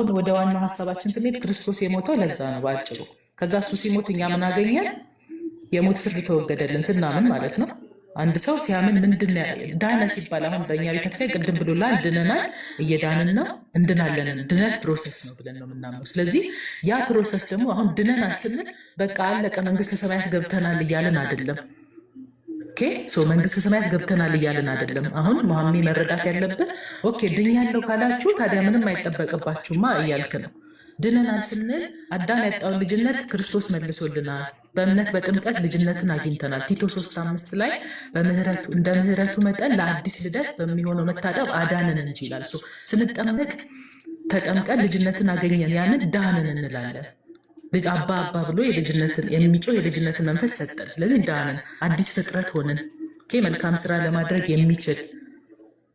አሁን ወደ ዋናው ሀሳባችን ስንሄድ ክርስቶስ የሞተው ለዛ ነው በአጭሩ። ከዛ እሱ ሲሞት እኛ ምን አገኘን? የሞት ፍርድ ተወገደልን ስናምን ማለት ነው። አንድ ሰው ሲያምን ምንድን ዳነ ሲባል አሁን በእኛ ቤተክርስቲያን ቅድም ብሎላል፣ ድነናል፣ እየዳንን ነው፣ እንድናለን። ድነት ፕሮሰስ ነው ብለን ነው የምናምነው። ስለዚህ ያ ፕሮሰስ ደግሞ አሁን ድነናል ስንል በቃ አለቀ መንግስተ ሰማያት ገብተናል እያለን አይደለም። ኦኬ መንግስት ሰማያት ገብተናል እያልን አይደለም። አሁን መሀሜ መረዳት ያለብን ኦኬ ድኛለሁ ካላችሁ ታዲያ ምንም አይጠበቅባችሁማ እያልክ ነው። ድነናል ስንል አዳም ያጣውን ልጅነት ክርስቶስ መልሶልናል። በእምነት በጥምቀት ልጅነትን አግኝተናል። ቲቶ ሶስት አምስት ላይ እንደ ምህረቱ መጠን ለአዲስ ልደት በሚሆነው መታጠብ አዳንን እንጂ ይላል። ስንጠመቅ ተጠምቀን ልጅነትን አገኘን፣ ያንን ዳንን እንላለን። ልጅ አባ አባ ብሎ የልጅነትን የሚጮህ የልጅነትን መንፈስ ሰጠን። ስለዚህ ዳንን፣ አዲስ ፍጥረት ሆንን። መልካም ስራ ለማድረግ የሚችል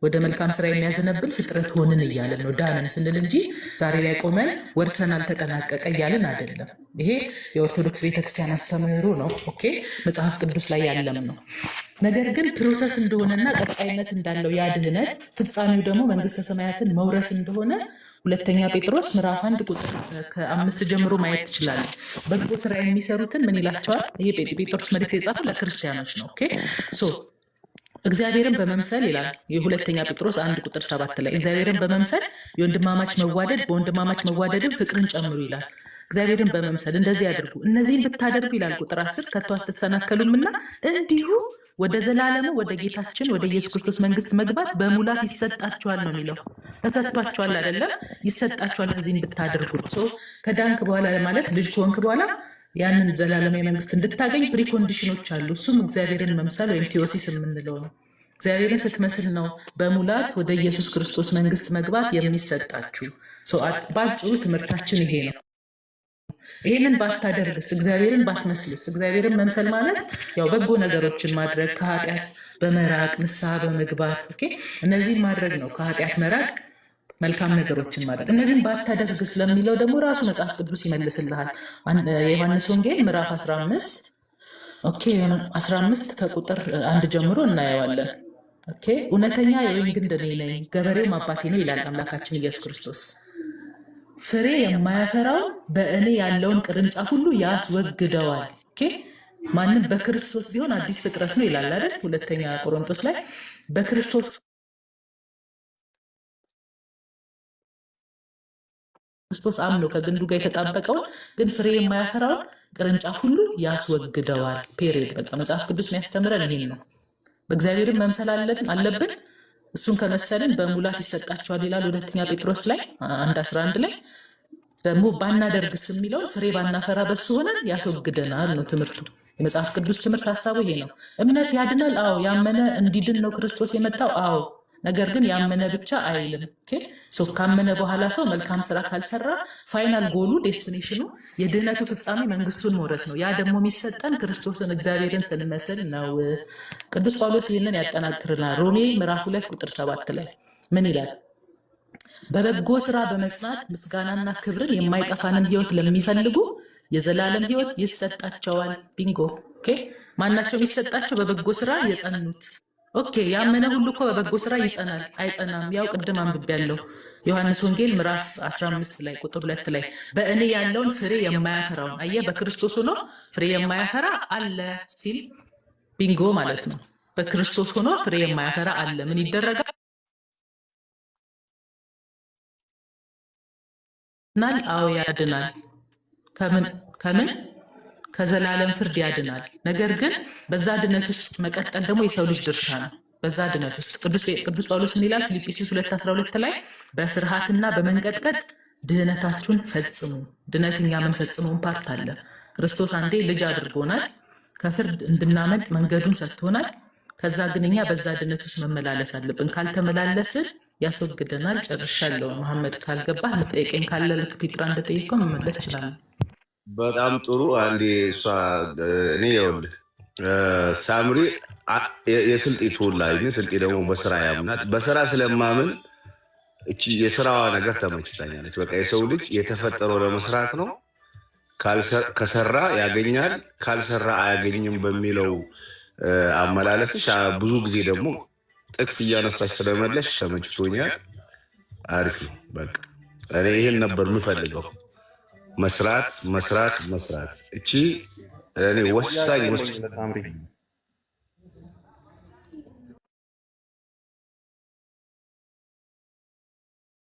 ወደ መልካም ስራ የሚያዘነብል ፍጥረት ሆንን እያለን ነው ዳንን ስንል እንጂ ዛሬ ላይ ቆመን ወርሰን አልተጠናቀቀ እያለን አይደለም። ይሄ የኦርቶዶክስ ቤተክርስቲያን አስተምህሮ ነው። ኦኬ መጽሐፍ ቅዱስ ላይ ያለም ነው። ነገር ግን ፕሮሰስ እንደሆነና ቀጣይነት እንዳለው ያ ድህነት ፍጻሜው ደግሞ መንግስተ ሰማያትን መውረስ እንደሆነ ሁለተኛ ጴጥሮስ ምዕራፍ አንድ ቁጥር ከአምስት ጀምሮ ማየት ትችላለህ። በጎ ስራ የሚሰሩትን ምን ይላቸዋል? ይሄ ጴጥሮስ መልእክት የጻፈው ለክርስቲያኖች ነው። ኦኬ ሶ እግዚአብሔርን በመምሰል ይላል የሁለተኛ ጴጥሮስ አንድ ቁጥር ሰባት ላይ እግዚአብሔርን በመምሰል የወንድማማች መዋደድ በወንድማማች መዋደድን ፍቅርን ጨምሩ ይላል። እግዚአብሔርን በመምሰል እንደዚህ ያድርጉ። እነዚህን ብታደርጉ ይላል ቁጥር አስር ከቶ አትሰናከሉምና እንዲሁ ወደ ዘላለሙ ወደ ጌታችን ወደ ኢየሱስ ክርስቶስ መንግስት መግባት በሙላት ይሰጣችኋል ነው የሚለው። ተሰጥቷችኋል አይደለም፣ ይሰጣችኋል። እዚህ ብታደርጉ። ከዳንክ በኋላ ለማለት ልጅ ከሆንክ በኋላ ያንን ዘላለማዊ መንግስት እንድታገኝ ፕሪኮንዲሽኖች አሉ። እሱም እግዚአብሔርን መምሰል ወይም ቴዎሲስ የምንለው ነው። እግዚአብሔርን ስትመስል ነው በሙላት ወደ ኢየሱስ ክርስቶስ መንግስት መግባት የሚሰጣችሁ። በአጭሩ ትምህርታችን ይሄ ነው። ይህንን ባታደርግስ፣ እግዚአብሔርን ባትመስልስ። እግዚአብሔርን መምሰል ማለት ያው በጎ ነገሮችን ማድረግ ከኃጢአት በመራቅ ንስሐ በመግባት እነዚህን ማድረግ ነው። ከኃጢአት መራቅ መልካም ነገሮችን ማድረግ እነዚህን ባታደርግ ስለሚለው ደግሞ ራሱ መጽሐፍ ቅዱስ ይመልስልሃል። የዮሐንስ ወንጌል ምዕራፍ 15 ኦኬ 15 ከቁጥር አንድ ጀምሮ እናየዋለን። ኦኬ እውነተኛ የወይን ግንድ እኔ ነኝ፣ ገበሬውም አባቴ ነው ይላል አምላካችን ኢየሱስ ክርስቶስ። ፍሬ የማያፈራውን በእኔ ያለውን ቅርንጫፍ ሁሉ ያስወግደዋል። ማንም በክርስቶስ ቢሆን አዲስ ፍጥረት ነው ይላል አይደል? ሁለተኛ ቆሮንቶስ ላይ በክርስቶስ ክርስቶስ አምኖ ከግንዱ ጋር የተጣበቀውን ግን ፍሬ የማያፈራውን ቅርንጫፍ ሁሉ ያስወግደዋል። ፔሪድ በቃ መጽሐፍ ቅዱስ የሚያስተምረን ይሄን ነው። በእግዚአብሔርም መምሰል አለብን እሱን ከመሰልን በሙላት ይሰጣቸዋል ይላል ሁለተኛ ጴጥሮስ ላይ አንድ አስራ አንድ ላይ ደግሞ ባናደርግስ የሚለውን ፍሬ ባናፈራ በሱ ሆነን ያስወግደናል ነው ትምህርቱ። የመጽሐፍ ቅዱስ ትምህርት ሀሳቡ ይሄ ነው። እምነት ያድናል። አዎ ያመነ እንዲድን ነው ክርስቶስ የመጣው። አዎ ነገር ግን ያመነ ብቻ አይልም። ካመነ በኋላ ሰው መልካም ስራ ካልሰራ ፋይናል ጎሉ ዴስቲኔሽኑ የድህነቱ ፍጻሜ መንግስቱን መውረስ ነው። ያ ደግሞ የሚሰጠን ክርስቶስን እግዚአብሔርን ስንመስል ነው። ቅዱስ ጳውሎስ ይህንን ያጠናክርናል። ሮሜ ምዕራፍ ሁለት ቁጥር ሰባት ላይ ምን ይላል? በበጎ ስራ በመጽናት ምስጋናና ክብርን የማይጠፋንን ህይወት ለሚፈልጉ የዘላለም ህይወት ይሰጣቸዋል። ቢንጎ ማናቸው? የሚሰጣቸው በበጎ ስራ የጸኑት ኦኬ ያመነ ሁሉ እኮ በበጎ ስራ ይጸናል አይጸናም? ያው ቅድም አንብቤያለሁ ዮሐንስ ወንጌል ምዕራፍ 15 ላይ ቁጥር ሁለት ላይ በእኔ ያለውን ፍሬ የማያፈራውን አየህ፣ በክርስቶስ ሆኖ ፍሬ የማያፈራ አለ ሲል ቢንጎ ማለት ነው። በክርስቶስ ሆኖ ፍሬ የማያፈራ አለ ምን ይደረጋል? ናል አዎ ያድናል። ከምን ከምን ከዘላለም ፍርድ ያድናል። ነገር ግን በዛ ድነት ውስጥ መቀጠል ደግሞ የሰው ልጅ ድርሻ ነው። በዛ ድነት ውስጥ ቅዱስ ጳውሎስ ምን ይላል? ፊልጵስዩስ 2:12 ላይ በፍርሃትና በመንቀጥቀጥ ድህነታችሁን ፈጽሙ። ድነት እኛ የምንፈጽመውን ፓርት አለ። ክርስቶስ አንዴ ልጅ አድርጎናል። ከፍርድ እንድናመልጥ መንገዱን ሰጥቶናል። ከዛ ግን እኛ በዛ ድነት ውስጥ መመላለስ አለብን። ካልተመላለስን ያስወግደናል። ጨርሻለሁ። መሐመድ ካልገባህ መጠየቀኝ ካለ ልክ ፒጥራ እንደጠየቀው መመለስ ይችላል። በጣም ጥሩ። አንድ እሷ እኔ ይኸውልህ ሳምሪ የስልጤ ተወላጅ ነኝ። ስልጤ ደግሞ በስራ ያምናት በስራ ስለማምን እቺ የስራዋ ነገር ተመችታኛለች። በቃ የሰው ልጅ የተፈጠረው ለመስራት ነው። ከሰራ ያገኛል፣ ካልሰራ አያገኝም በሚለው አመላለስሽ ብዙ ጊዜ ደግሞ ጥቅስ እያነሳሽ ስለመለሽ ተመችቶኛል። አሪፍ ነው። በቃ እኔ ይህን ነበር የምፈልገው። መስራት መስራት መስራት እቺ ወሳኝ